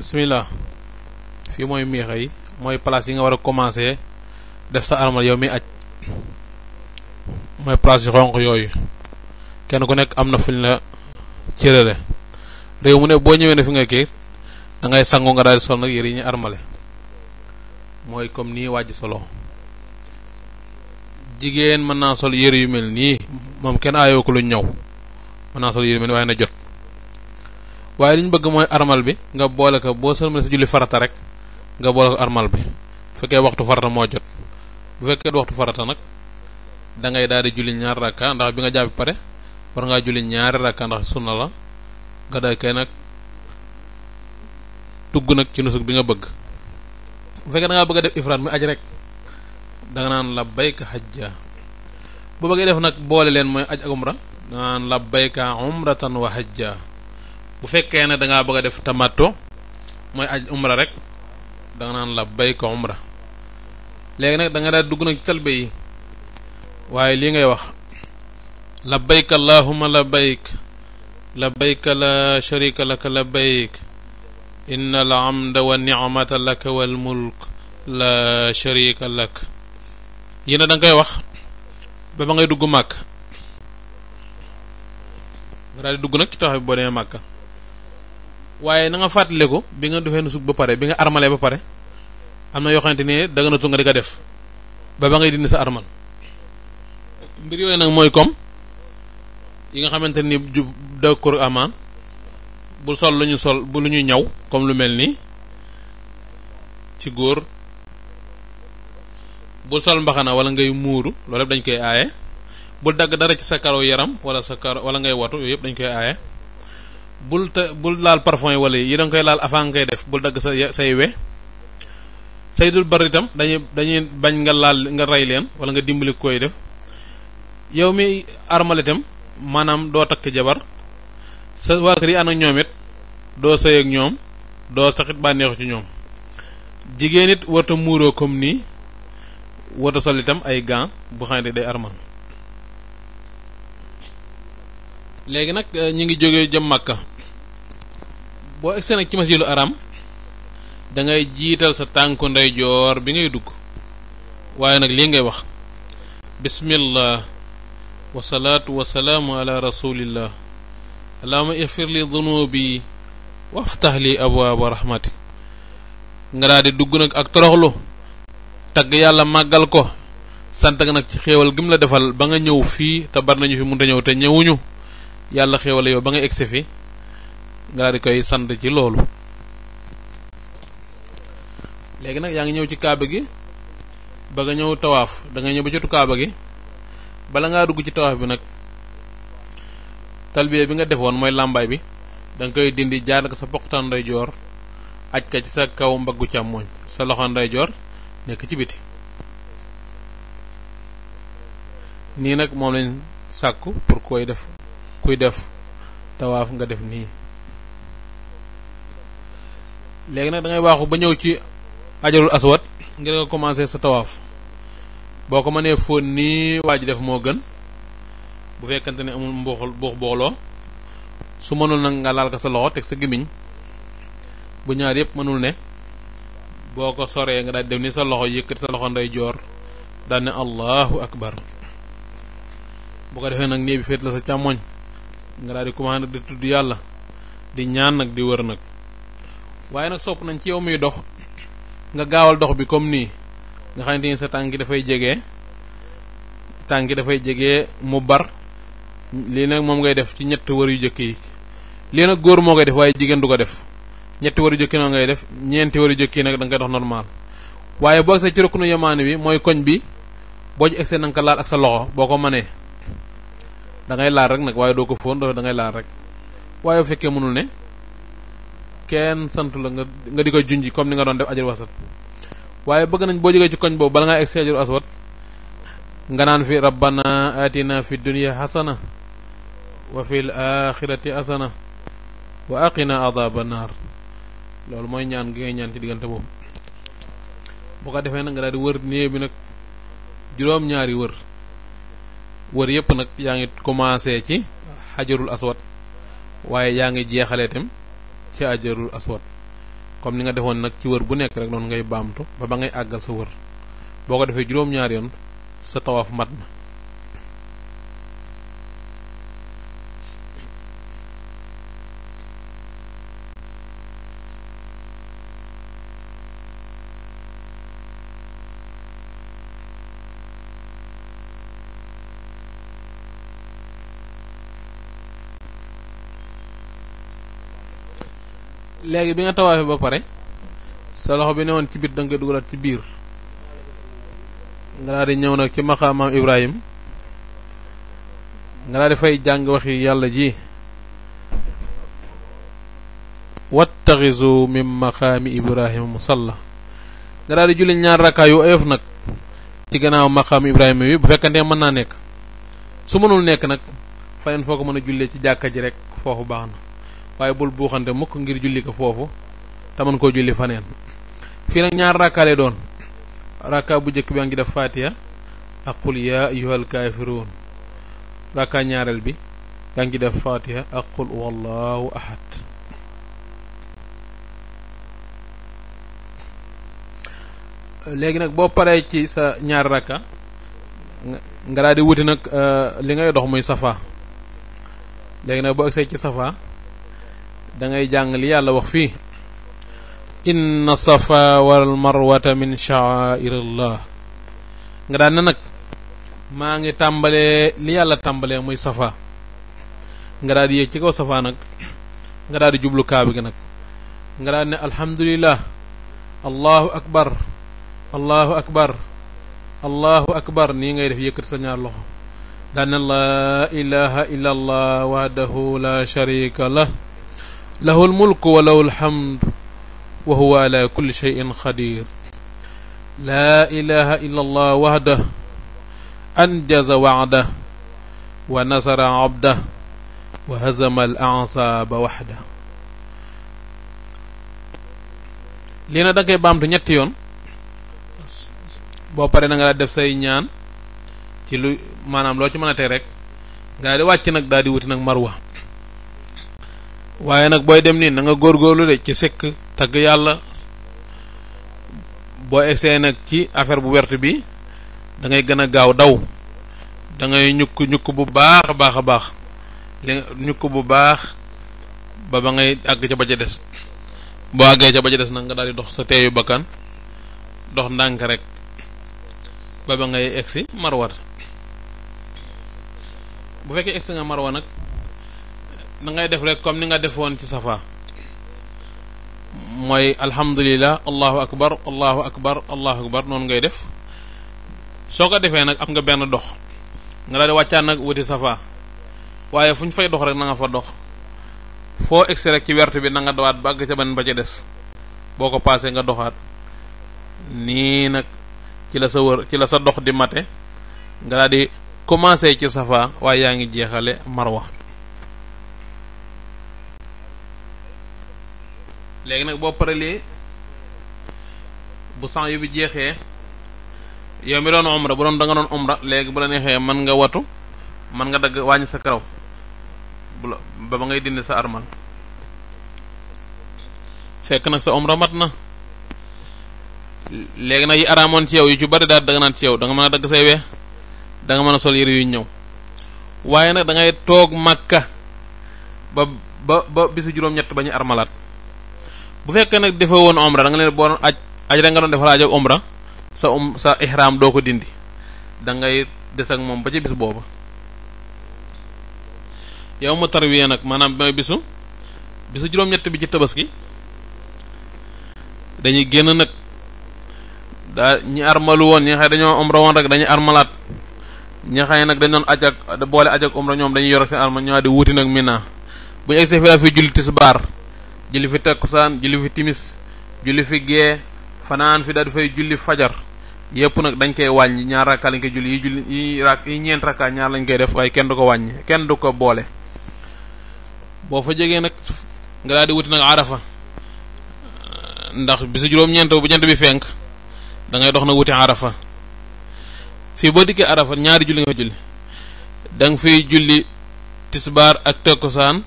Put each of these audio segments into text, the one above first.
bismillah fi moy miixa yi place yi nga wara commencer def sa armal yow mi aj moy place yu xonq yooyu kenn ku nek amna fuñ la cërale rew mu ne bo ñëwee ne fi nga kii da ngay sangu nga dal sol nak yeri ñi armalé moy comme ni waji solo jigen man na sol yeri yu mel ni mom kenn aayoo ko lu ñew man na sol yeri mel way na jot waaye liñ bëgg mooy armal bi nga boole ko boo sëlmale sa julli farata rek nga boole ko armal bi bu fekkee waxtu farata moo jot bu fekkee waxtu farata nag da ngay daal julli ñaar rakka ndax bi nga pare war ngaa julli ñaari rakka ndax sunna la nga daal kay nag dugg nag ci nusuk bi nga bëgg bu fekkee da ngaa bëgg a def ifraat muy aj rek da nga naan bayka hajja bu bëggee def nag boole leen mooy aj ak umra da nga naan umratan wa hajja bu fekkee ne da ngaa bëgg a def tamattu mooy aj umra rek da nga naan la bay ko umra léegi nag da nga daal dugg nag talbe yi waaye lii ngay wax labbayk allahumma labbayk labbayk la sharika laka labbayk inna al amda wa ni'mata laka wal mulk la sharika lak yi da nga koy wax ba ba ngay dugg màkk nga daal di dugg nag ci taxaw bi boo demee màkka waaye na nga ko bi nga defee nusuk ba pare bi nga armalee ba pare am na yoo xamante ni danga natul nga di ko def ba ba ngay dindi sa armal mbir yooyu nag mooy comme yi nga xamante ni ju bu sol lu ñu sol bu lu ñuy ñaw comme lu mel nii ci góor bu sol mbaxana wala ngay muuru loolu yëpp dañ koy aaye bu dagg dara ci sa karaw yaram wala sa karaw wala ngay watu yooyu yëpp dañ koy aaye bul te bul laal parfum wala yi da koy laal avant ngay def bul dagg sa ya, say we saydul bari itam dañuy dañuy bañ nga laal nga ray leen wala nga dimbali koy def yow mi armal manam do tak jabar sa wakri ana ñomit do sey ak ñom do taxit bànneexu ci ñom jigéen wata muro comme nii warta sol itam ay gants bu xande day armal léegi nak euh, ñi ngi joge jëm makka boo egsee nag ci masjidu aram da ngay jiital sa tànku ndeyjoor bi ngay dugg waaye nag lii ngay wax bismillah Wa والسلام ala rasulillah الله اللهم اغفر li ذنوبي وافتح li أبواب rahmatik nga di dugg nag ak toroxlu tagg yàlla màggal ko sant nag ci xéewal gim la defal ba nga ñëw fii te bar nañu fi munta ñëw te ñëwuñu yàlla xéewal yow ba nga egsi fi nga di koy sant ci loolu léegi nag yaa ngi ñëw ci kaaba gi ba nga ñëw tawaaf da nga ñëw ba jotu kaaba gi bala ngaa dugg ci tawaaf bi nag talbiya bi nga defoon mooy làmbaay bi da nga koy dindi jaar ak sa poqtaan ndeyjoor aj ka ci sa kaw mbaggu càmmooñ sa loxo ndeyjoor nekk ci biti nii nag moom lañ sàkku pour def kuy def tawaaf nga def nii léegi nak da ngay waxu ba ñew ci ajarul aswad ngir nga commencer sa tawaf boko mané fon ni waji def mo gën bu fekkante ne amul mbokhol bokh booloo su mënul nak nga laal ka sa loxo tek sa gimiñ bu ñaar yépp mënul ne boko soré nga daal def ni sa loxo yëkkati sa loxo ndey jor dal ne allahu akbar bu ko defee nag néeg bi féet la sa càmmoñ nga daal di commander di tuddu yalla di ñaan nak di wër nak waaye nag sopp nañ ci yow muy dox nga gaawal dox bi comme nii nga xamante ni sa tànk dafay jege tànk dafay jege mu bar lii nag moom ngay def ci ñett wër yu jëkk yi lii nag góor moo koy def waaye jigéen du ko def ñetti wër yu jëkk noo ngay def ñeenti wër yu jëkk yi nag da nga dox normal waaye boo egsee ci ruknu yamaani bi mooy koñ bi boo ci egsee nanga laal ak sa loxo boo ko manee da ngay laal rek nag waaye doo ko fóon da ngay laal rek waaye bu fekkee mënul ne kenn sant la nga nga di ko junji comme ni nga doon def ajal wasat waaye bëgg nañ boo jógee ci koñ boobu bala ngaa egsi ajal aswat nga naan fi rabbana atina fi dunya hasana wa fil akhirati hasana wa aqina adhaban nar loolu mooy ñaan gi ngay ñaan ci diggante boobu bu ko defee nag nga daal di wër néew bi nag juróom ñaari wër wër yépp nag yaa ngi commencé ci hajarul aswat waaye yaa ngi jeexalee tam xaajarul aswad comme ni nga defoon nag ci wër bu nekk rek noonu ngay baamtu ba ba ngay àggal sa wër boo ko defee juróom-ñaari yoon sa tawaaf mat na léegi bi nga tawaafee ba pare sa loxo bi newoon ci biir da nga koy ci biir nga daal di ñëw nag ci maqaamaam Ibrahim nga daal di fay jàng waxi yàlla ji wattaxisu min maqaami ibrahim musalla nga daal di julli ñaar rakkaa yu oyof nag ci gannaaw maqaam ibrahim bi bu fekkante mën naa su mënul nekk nag foo ko mën ci jàkka rek foofu baax na waaye bul buuxante mukk ngir julli ko foofu te mën koo julli faneen fii nag ñaar rakka lay doon rakka bu njëkk bi a ngi def fatiha ak qul yaa ayyuhal kaafiruun rakka ñaareel bi yaa ngi def fatiha ak qul wallahu ahad léegi nag boo paree ci sa ñaar rakka nga daal di wuti nag euh, li ngay dox muy safa léegi nag boo agsee ci safa da ngay jàng li yàlla wax fii inna safa wal marwata min sha'airillah nga daan na nag maa ngi tàmbalee li yàlla tàmbalee muy safa nga daal di ci kaw safa nag nga daal di jublu kaaba gi nag nga daal ne alhamdulillah allahu akbar allahu akbar allahu akbar nii ngay def yëkkat sa ñaar loxo daan ne ilaha illa allah wahdahu la sharika lah له الملك وله الحمد وهو على كل شيء خدير لا إله إلا الله وحده أنجز وعده ونصر عبده وهزم الأعصاب وحده لينا دكاي بام دو نيت يون بو بار نغا ديف ساي نيان تي لو مانام لو تي مانا تي ريك غادي واتي نك دادي ووتي نك مروه waaye nag booy dem nii na nga góorgóorlu de ci sëkk tagg yàlla boo essayé nag ci affaire bu wert bi dangay ngay gën a gaaw daw dangay ngay ñukk ñukk bu baax a baax a baax li bu baax ba ba ngay àgg ca ba ca des boo àggee ca ba ca des nag nga daal di dox sa teeyu bakkan dox ndànk rek ba ba ngay egsi marwat bu fekkee egsi nga marwa nag na ngay def rek comme ni nga defoon ci safa moy alhamdulillah allahu akbar allahu akbar allahu akbar non ngay def soko defé nak am nga ben dox nga la di nak wuti safa waye fuñ fay dox rek na nga fa dox fo extra ci wertu bi na nga dawaat bag ci ban ba ci des boko passé nga doxat ni nak ci la sa ci la sa dox di mate nga la di commencer ci safa waaye yaangi jexale marwa legi nak bo paralee bu sang yobi jexé yomi don omra bu don da nga don omra legi bu la nexé man nga watu man nga dag wàññi sa karaw ba ba ngay dindi sa armal fekk nak sa omra matna legi nak yi aramon ci yow yu ci bari da da nga nan ci yow da nga mëna dag dagg wé da nga mëna sol yu ñew waye nak da ngay tok makka ba ba bisu juroom ñett bañu armalat bu fekkee nak defee won omra da nga len boo aj aj rek nga don defal aj omra sa um sa ihram do ko dindi da ngay des ak mom ba ci bis boba yow mu tarwiya nak manam bay bisu bisu juroom ñett bi ci tabaski dañuy genn nak da ñi armalu won ñi xay xam dañoo omra won rek dañuy armalat ñi xay nak dañ doon aj ak boole aj ak omra ñom dañuy yor ci arma ñoo di wuti nak mina bu ñu exé fi laa fi julli julli fi tekkusaan julli fi timis julli fi gee fanaan fi daal fay julli fajar yépp nag dañ koy wàññi ñaar rakka lañ koy julli yi julli yi rak yi ñeent rakka ñaar lañ koy def waaye kenn du ko wàññi kenn du ko boole boo fa jegee nag nga daal di wuti nag arafa ndax bisu juróom ñeent bu jant bi fenk da ngay dox na wuti arafa fi boo dikki arafa ñaari julli nga fa julli da nga fiy julli tisbaar ak tekkusaan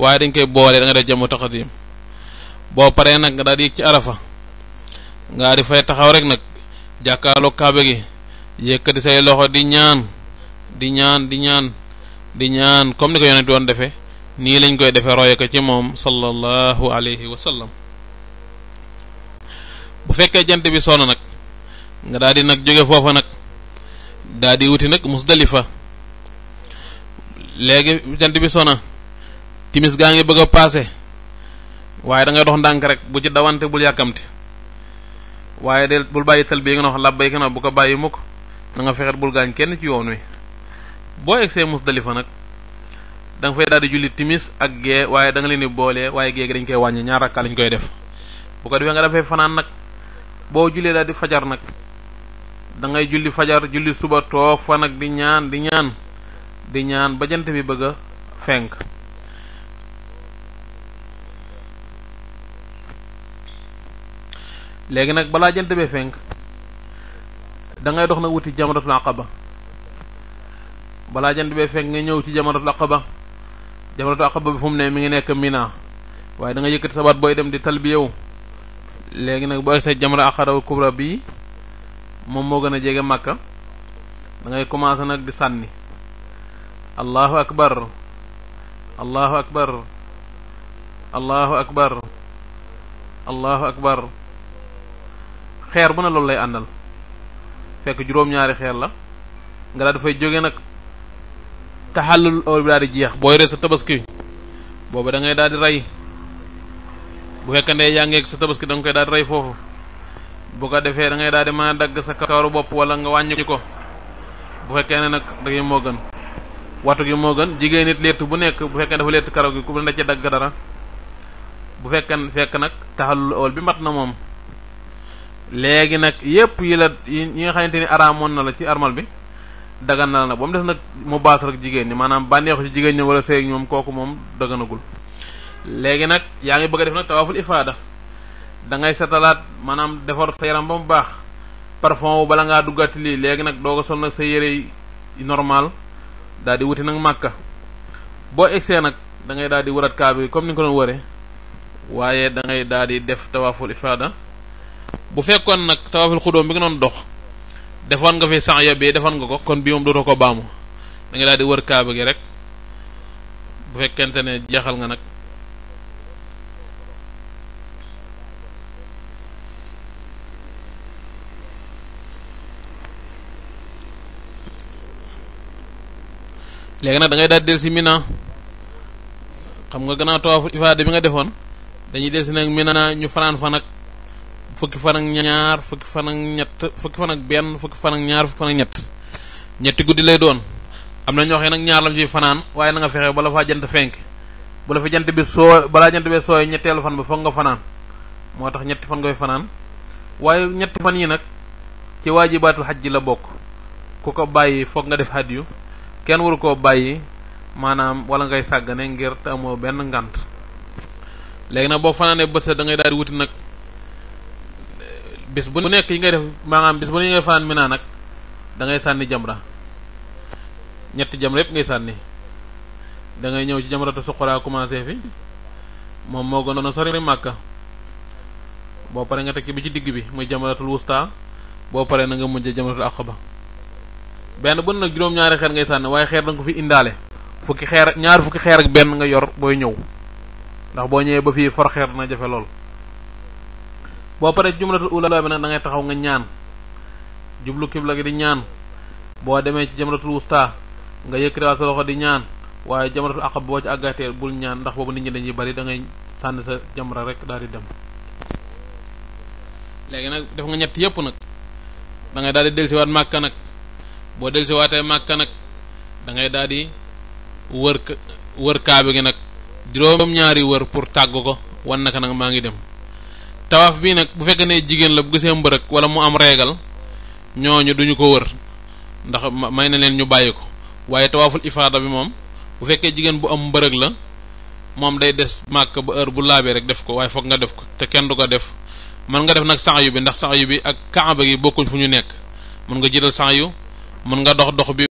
waaye dañ koy boole da nga def boo paree nag nga daal di yëg ci arafa nga di fay taxaw rek nag jàkkaarloo kaabe gi yëkkati say loxo di ñaan di ñaan di ñaan di ñaan comme ni ko yonent doon defee nii lañ koy defee roye ko ci moom sallallahu alayhi wa sallam bu fekkee jant bi sonn nag nga daal di nag jóge foofa nag daal di wuti nag musdalifa léegi jant bi sona timis gaa ngi bëgg a paase waaye da ngay dox ndànk rek bu ci dawante bul yàkkamti waaye del bul bàyyi tal bi nga wax labbay kana bu ko bàyyi mukk na nga fexet bul gaañ kenn ci yoon wi boo egsee Musdalifa nag da nga fay daal di julli timis ak gee waaye da nga leen di boole waaye gee dañ koy wàññi ñaar rakka lañ koy def bu ko defee nga dafay fanaan nag boo jullee daal di fajar nag da ngay julli fajar julli suba toog fa nag di ñaan di ñaan di ñaan ba jant bi bëgg fenk legi nak bala jante be fenk da ngay dox na wuti jamratul aqaba bala jante be fenk nga ñew ci jamratul aqaba jamratul aqaba bi fum ne mi ngi nek Mina way da nga sa boy dem di talbiyewu legi nak boy sa jamra aqaba kubra bi. mom mo gëna jégué Makka da ngay commencé nak di allahu akbar allahu akbar allahu akbar allahu akbar xeer bu ne loolu lay àndal fekk juróom-ñaari xeer la nga daal fay jóge nag taxallul awal bi daal di jeex booy rey sa tabaski boobu da ngay daal di rey bu fekkandee yaa ngeeg sa tabaski da nga koy daal di rey foofu bu ko defee da ngay daal di mën a dagg sa kawru bopp wala nga wàññi ko bu fekkee ne nag da moo gën watu gi moo gën jigéen nit létt bu nekk bu fekkee dafa létt karaw gi ku ne da ci dagg dara bu fekkee fekk nag taxallul awal bi mat na moom legi nak yep yi la yi nga xamanteni aramon na la ci armal bi dagan na la bam nak nak des nag mu baas rek jigéen ni manam bànneexu ci jigéen ni wala ak ñom koku mom daganagul legi nak ya nga bëgg def nak tawaful ifada da ngay setalat manam defor sa yaram bam mu parfum bala nga duggat li legi nak doga sol sa yere normal daal di wuti nak makka bo exé nak da ngay daal di wëraat kaa comme ni ko waye da ngay def tawaful ifada bu fekkoon nag tawaful xudóom bi nga doon dox defoon nga fi sànq ya be defoon nga ko kon bii moom dootoo ko baamu da nga daal di wër kaaba gi rek bu fekkente ne jeexal nga nag. léegi nag da ngay daal del si Mina xam nga gannaaw tawaful ifaada bi nga defoon dañuy del si nag Mina ñu fanaan fa nag fukki fan ak ñaar fukki fan ak ñett fukki fan ak benn fukki fan ak ñaar fukki fan ak ñett ñetti guddi lay doon am na ñoo xam ne ñaar lam ci fanaan waaye na nga fexe bala faa jant fenk bu fa jant bi so balaa jant bi sooy ñetteelu fan ba foog nga fanaan moo tax ñetti fan ngay fanaan waaye ñetti fan yi nag ci ji la bokk ku ko bàyyi foog nga def hadiyu kenn waru koo bàyyi maanaam wala ngay sàggane ngir te amoo benn ngant léegi nag da ngay daal wuti bis bu nek yi ngay def maanaam bis bu ne ngay fan mi naa da ngay sanni jamra ñetti jamra yep ngay sanni da ngay ñew ci ta suqaraa commencé fi mom mo gënoon a sori makka bo pare nga tekki bi ci digg bi muy jamratul wusta bo pare na nga mujjee jamratul aqaba ben bu nak juroom ñaari xer ngay sanni xer da nga fi indalé fukki xer ñaar fukki xer ak ben nga yor boy ñew ndax bo ñewé ba fi for xer na jafé lol bo pare jumlatul ula bi nag da ngay taxaw nga ñaan jublu kibla gi di ñaan bo deme ci jamratul usta nga yëkkatiwaat sa loxo di ñaan waye jamratul aqab bo ci àggatee bul ñaan ndax bobu nit ñi dañuy bari da ngay sann sa jamra rek daal di dem legi nak, def nga ñett yépp nak da ngay daal di delsiwaat màkka nag boo waté makka nak da ngay daal di wër wër kaabi gi nak juroom ñaari wër pour taggo ko wan nak nak maa dem tawaf binak, nak bu fekkene jigen la bu gese mbërëk wala mu am regal ñoñu duñu ko wër ndax may na len ñu bayiko waye tawaful ifada bi mom bu fekkee jigen bu am mbërëg la mom day des makka bu heure bu labé rek def ko waye fokk nga def ko te kenn du ko def man nga def nak sa'yu bi ndax sa'yu bi ak kaaba gi bokkuñ fuñu nek man mën nga jidal sa'yu mën nga dox dox bi